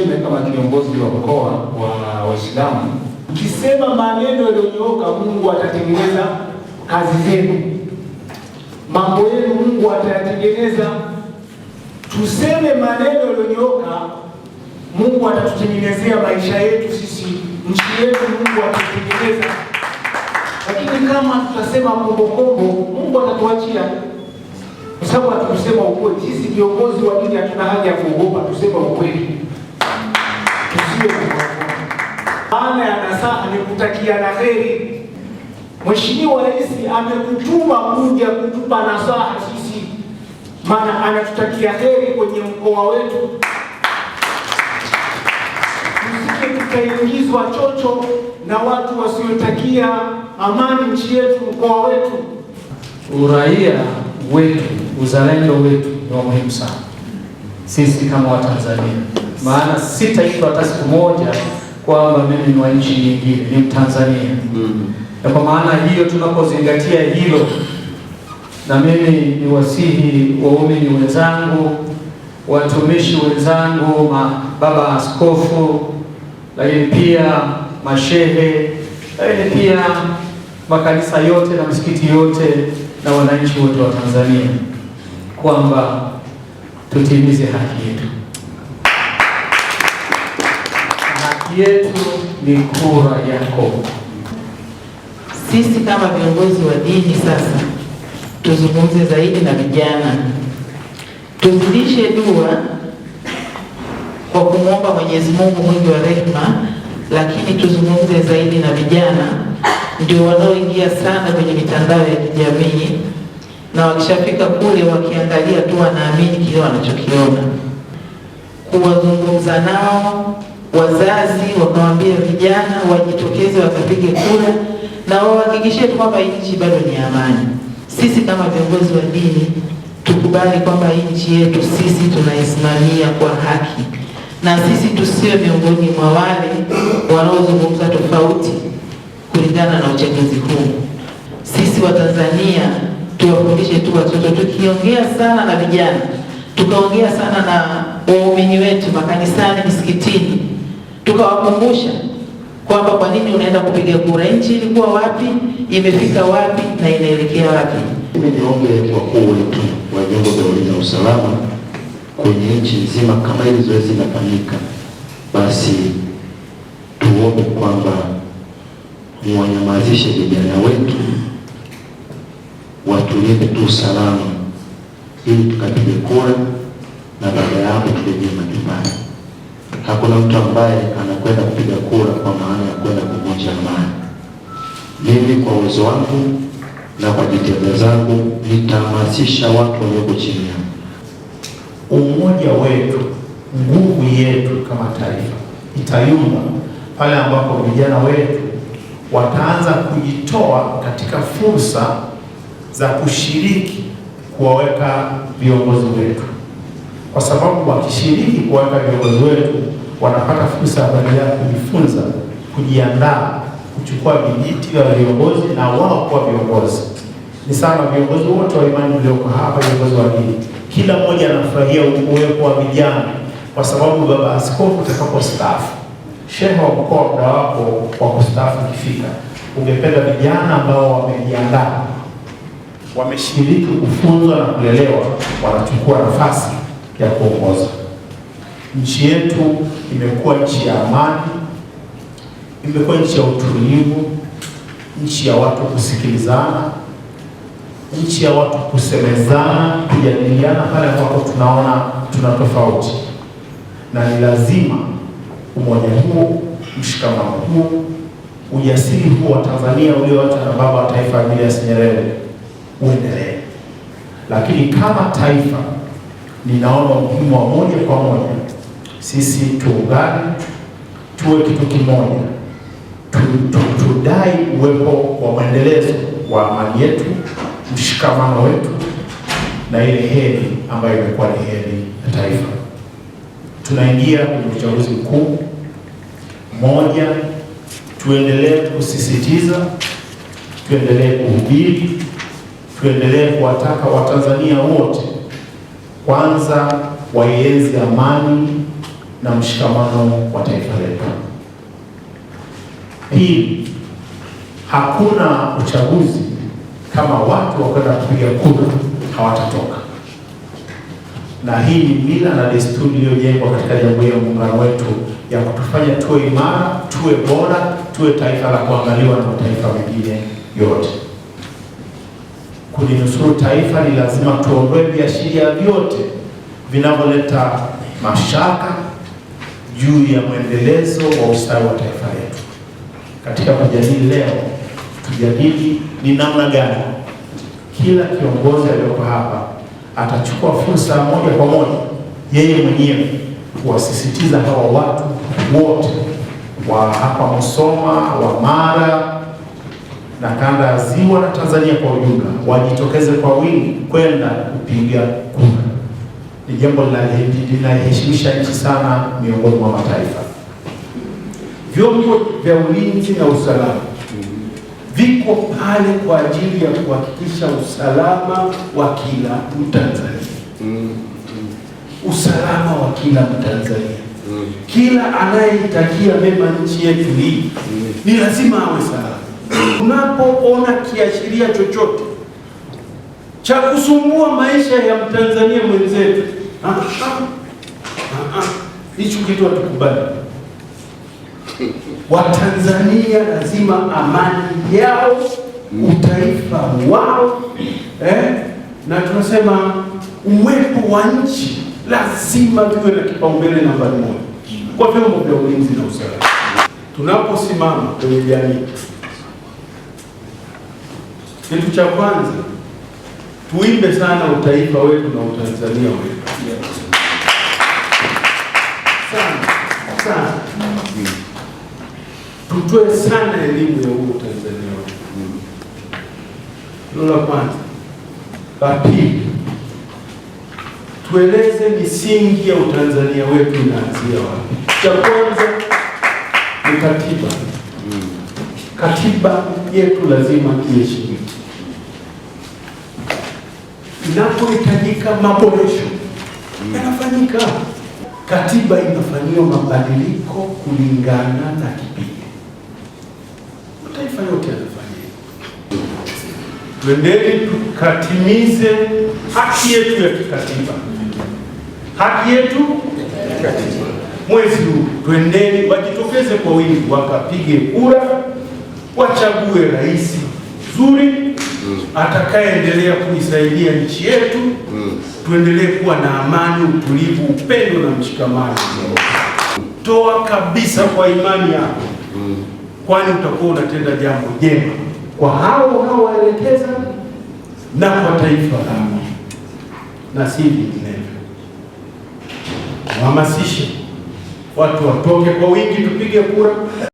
niseme kama kiongozi wa mkoa wa Waislamu, ukisema maneno yaliyonyooka, Mungu atatengeneza kazi zenu, mambo yenu Mungu atayatengeneza. Tuseme maneno yaliyonyooka, Mungu atatutengenezea maisha yetu sisi, nchi yetu Mungu atatengeneza. Lakini kama tutasema kombokombo, Mungu atatuachia kwa sababu hatukusema ukweli. Sisi viongozi wa dini hatuna haja ya kuogopa, tusema ukweli. kutakia na heri. Mheshimiwa Rais amekutuma kuja kutupa nasaha sisi, maana anatutakia heri kwenye mkoa wetu, tusije tukaingizwa chocho na watu wasiotakia amani nchi yetu, mkoa wetu. Uraia wetu, uzalendo wetu ni wa muhimu sana sisi kama Watanzania, maana si taifa hata siku moja kwamba mimi ni wa nchi nyingine, ni Mtanzania mm. na kwa maana hiyo tunapozingatia hilo, na mimi ni wasihi waumini wenzangu, watumishi wenzangu, baba askofu, lakini pia mashehe, lakini pia makanisa yote na misikiti yote na wananchi wote wa Tanzania kwamba tutimize haki yetu. yetu ni kura yako. Sisi kama viongozi wa dini sasa tuzungumze zaidi na vijana, tuzidishe dua kwa kumwomba Mwenyezi Mungu mwingi wa rehema, lakini tuzungumze zaidi na vijana, ndio wanaoingia sana kwenye mitandao ya kijamii, na wakishafika kule wakiangalia tu wanaamini kile wanachokiona, kuwazungumza nao wazazi wakawaambia vijana wajitokeze wakapige kura na wahakikishie kwamba nchi bado ni amani. Sisi kama viongozi wa dini tukubali kwamba nchi yetu sisi tunaisimamia kwa haki, na sisi tusiwe miongoni mwa wale wanaozungumza tofauti kulingana na uchaguzi huu. Sisi Watanzania tuwafundishe tu watoto, tukiongea sana na vijana, tukaongea sana na waumini wetu makanisani, misikitini tukawakumbusha kwamba kwa nini unaenda kupiga kura, nchi ilikuwa wapi, imefika wapi na inaelekea wapi. Mimi niombe wakuu wetu wa vyombo vya ulinzi na usalama kwenye nchi nzima, kama hili zoezi linafanyika, basi tuombe kwamba mwanyamazishe vijana wetu, watulinde tu usalama, ili tukapige kura na baada ya hapo turejee majumbani hakuna mtu ambaye anakwenda kupiga kura kwa maana ya kwenda kuvunja amani. Mimi kwa uwezo wangu na kwa jitihada zangu nitahamasisha watu walioko chini yangu. Umoja wetu, nguvu yetu kama taifa itayumba pale ambapo vijana wetu wataanza kujitoa katika fursa za kushiriki kuwaweka viongozi wetu kwa sababu wakishiriki kuwaweka viongozi wetu wanapata fursa ya badala ya kujifunza, kujiandaa, kuchukua vijiti vya viongozi na wao kuwa viongozi. Ni sana viongozi wote wa imani walioko hapa, viongozi wa dini, kila mmoja anafurahia uwepo wa vijana, kwa sababu baba askofu utakapostaafu, shehe wa mkoa, muda wako wa kustaafu ukifika, ungependa vijana ambao wamejiandaa, wameshiriki kufunzwa na kulelewa, wanachukua nafasi ya kuongoza nchi yetu. Imekuwa nchi ya amani, imekuwa nchi ya utulivu, nchi ya watu kusikilizana, nchi ya watu kusemezana, kujadiliana pale ambapo tunaona tuna tofauti, na ni lazima umoja huu, mshikamano huu, ujasiri huu wa Tanzania ulioachwa na baba wa taifa Julius Nyerere uendelee, lakini kama taifa ninaona umuhimu wa moja kwa moja sisi tuungane, tuwe kitu kimoja, tudai uwepo wa mwendelezo wa amani yetu, mshikamano wetu na ile heri ambayo imekuwa ni heri ya taifa. Tunaingia kwenye uchaguzi mkuu. Moja, tuendelee kusisitiza, tuendelee kuhubiri, tuendelee kuwataka Watanzania wote kwanza waienzi amani na mshikamano wa taifa letu. Pili, hakuna uchaguzi kama watu wakwenda kupiga kura hawatatoka, na hii ni mila na desturi iliyojengwa katika Jamhuri ya Muungano wetu ya kutufanya tuwe imara, tuwe bora, tuwe taifa la kuangaliwa na mataifa mengine yote kulinusuru taifa, ni lazima tuondoe viashiria vyote vinavyoleta mashaka juu ya mwendelezo wa ustawi wa taifa letu. Katika kujadili leo, tujadili ni namna gani kila kiongozi aliyoko hapa atachukua fursa moja kwa moja yeye mwenyewe kuwasisitiza hawa watu wote wa hapa Musoma, wa Mara na kanda ya ziwa na Tanzania kwa ujumla wajitokeze kwa wingi kwenda kupiga kura. Ni jambo linaheshimisha nchi sana miongoni mwa mataifa. Vyombo vya ulinzi na usalama viko pale kwa ajili ya kuhakikisha usalama wa kila Mtanzania, usalama wa kila Mtanzania. Kila anayetakia mema nchi yetu hii ni lazima awe salama Unapoona kiashiria chochote cha kusumbua maisha ya mtanzania mwenzetu, ah, ah, ah, hicho kitu hatukubali. Watanzania lazima amani yao, utaifa wao eh, na tunasema uwepo wa nchi lazima tuwe na kipaumbele namba moja kwa vyombo vya ulinzi na usalama tunaposimama kwenye jamii kitu cha kwanza tuimbe sana utaifa wetu na utanzania wetu sana sana, tutoe sana elimu ya huo utanzania wetu. Hilo la kwanza. La pili, tueleze misingi ya utanzania wetu inaanzia wapi. Cha kwanza ni katiba. Katiba yetu lazima iishi Inapohitajika maboresho mm. yanafanyika, katiba inafanyiwa mabadiliko kulingana na kipindi. Mataifa yote yanafanya hivyo. Twendeni tukatimize haki yetu ya kikatiba, haki yetu ya kikatiba. Mwezi huu twendeni, wajitokeze kwa wingi, wakapige kura, wachague rais zuri Mm. atakayeendelea kuisaidia nchi yetu mm. tuendelee kuwa na amani, utulivu, upendo na mshikamano mm. toa kabisa kwa imani yako mm. kwani utakuwa unatenda jambo jema kwa hao unaowaelekeza na kwa taifa lako na si vinginevyo. Wahamasishe watu watoke kwa wingi, tupige kura.